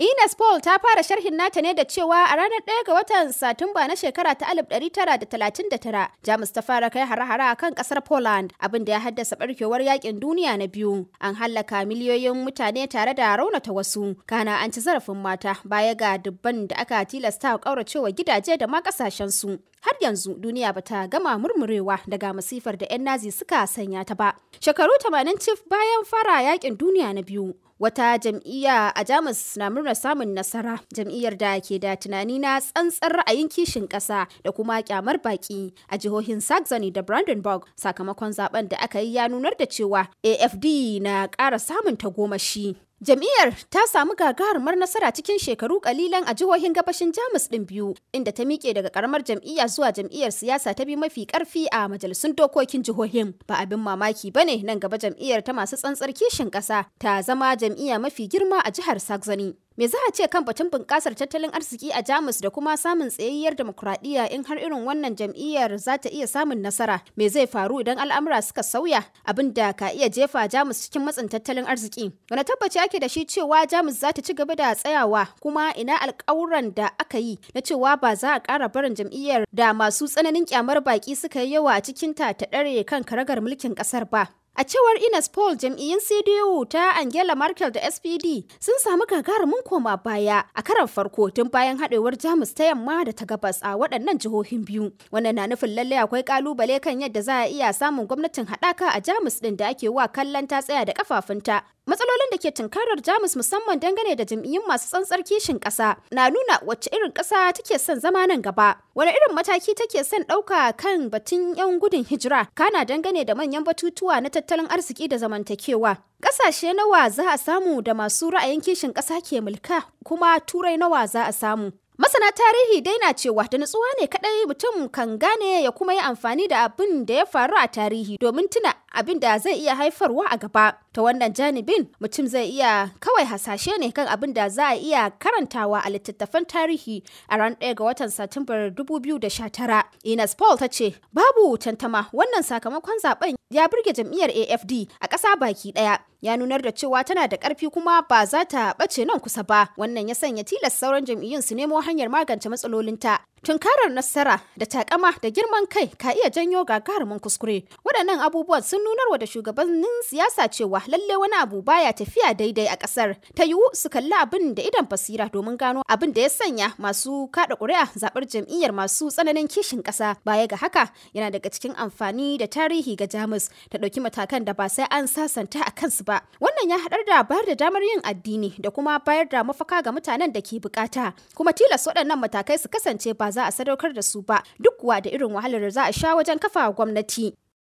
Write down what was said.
Ines Paul ta fara sharhin nata ne da cewa a ranar 1 ga watan Satumba na shekara ta 1939, Jamus ta fara kai hare-hare a kan kasar Poland, abin da ya haddasa barkewar yakin duniya na biyu. An hallaka miliyoyin mutane tare da raunata wasu, kana an ci zarafin mata baya ga dubban da aka tilasta a ƙauracewa gidaje da ma kasashen su. har yanzu duniya bata gama murmurewa daga masifar da 'yan nazi suka sanya ta ba. Shekaru 80 cif bayan fara yakin duniya na biyu, wata jam'iyya a jamus na murna samun nasara jam'iyyar da ke da tunani na tsantsar ra'ayin kishin ƙasa da kuma kyamar baki a jihohin saxony da brandenburg sakamakon zaben da aka yi ya nunar da cewa afd na ƙara samun tagomashi Jam'iyyar ta samu gagarumar nasara cikin shekaru kalilan a jihohin gabashin Jamus ɗin biyu, inda ta miƙe daga ƙaramar jam'iyya zuwa jam'iyyar siyasa ta bi mafi ƙarfi a majalisun dokokin jihohin. Ba abin mamaki ba ne nan gaba jam'iyyar ta masu tsantsar kishin ƙasa ta zama jam'iyya mafi girma a jihar Saxony. Me za a ce kan batun bunƙasar tattalin arziki a Jamus da kuma samun tsayayyar demokuraɗiyya in har irin wannan jam'iyyar za ta iya samun nasara? Me zai faru idan al'amura suka sauya abin da ka iya jefa Jamus cikin matsin tattalin arziki? Wani tabbaci ake da shi cewa Jamus za ta ci gaba da tsayawa kuma ina alƙawuran da aka yi na cewa ba za a ƙara barin jam'iyyar da masu tsananin kyamar baƙi suka yi yawa a cikin ta ta ɗare kan karagar mulkin ƙasar ba. A cewar Ines Paul jam'iyyun CDU ta Angela Merkel da SPD sun samu gagarumin koma baya a karan farko tun bayan haɗewar Jamus ta yamma da ta gabas a waɗannan jihohin biyu. Wannan na nufin lalle akwai ƙalubale kan yadda za a iya samun gwamnatin haɗaka a Jamus ɗin da ake wa kallon ta tsaya da kafafunta Matsalolin da ke tunkarar Jamus musamman dangane da jam'iyyun masu tsantsar kishin ƙasa na nuna wacce irin ƙasa take son zama nan gaba. Wani irin mataki take son ɗauka kan batun 'yan gudun hijira kana dangane da manyan batutuwa na tattalin arziki da zamantakewa. Ƙasashe nawa za a samu da masu ra'ayin kishin ƙasa ke mulka kuma turai nawa za a samu. Masana tarihi daina cewa da nutsuwa ne kadai mutum kan gane ya kuma yi amfani da abin da ya faru a tarihi domin tuna abin da zai iya haifarwa a gaba. Ta wannan janibin mutum zai iya kawai hasashe ne kan abin da za a iya karantawa a littattafan tarihi a ran ɗaya ga watan Satumbar 2019. Ines Paul ta ce, babu tantama wannan sakamakon zaben ya burge jam'iyyar AFD a ƙasa baki ɗaya. ya nunar da cewa tana da ƙarfi kuma ba za ta ɓace nan kusa ba wannan ya sanya tilas sauran jam'iyyun su nemo hanyar magance matsalolin ta. tunkarar nasara da takama da girman kai ka iya janyo ga gagarumin kuskure waɗannan abubuwan sun nunarwa da shugabannin siyasa cewa lalle wani abu baya tafiya daidai a ƙasar ta yiwu su kalli abin da idan basira domin gano abin da ya sanya masu kaɗa ƙuri'a zaɓar jam'iyyar masu tsananin kishin ƙasa baya ga haka yana daga cikin amfani da tarihi ga jamus ta ɗauki matakan da ba sai an sasanta a kansu ba. Wannan ya haɗar da bayar da damar yin addini da kuma bayar da mafaka ga mutanen da ke bukata. Kuma tilas waɗannan matakai su kasance ba za a sadaukar da su ba duk kuwa da irin wahalar da za a sha wajen kafa gwamnati.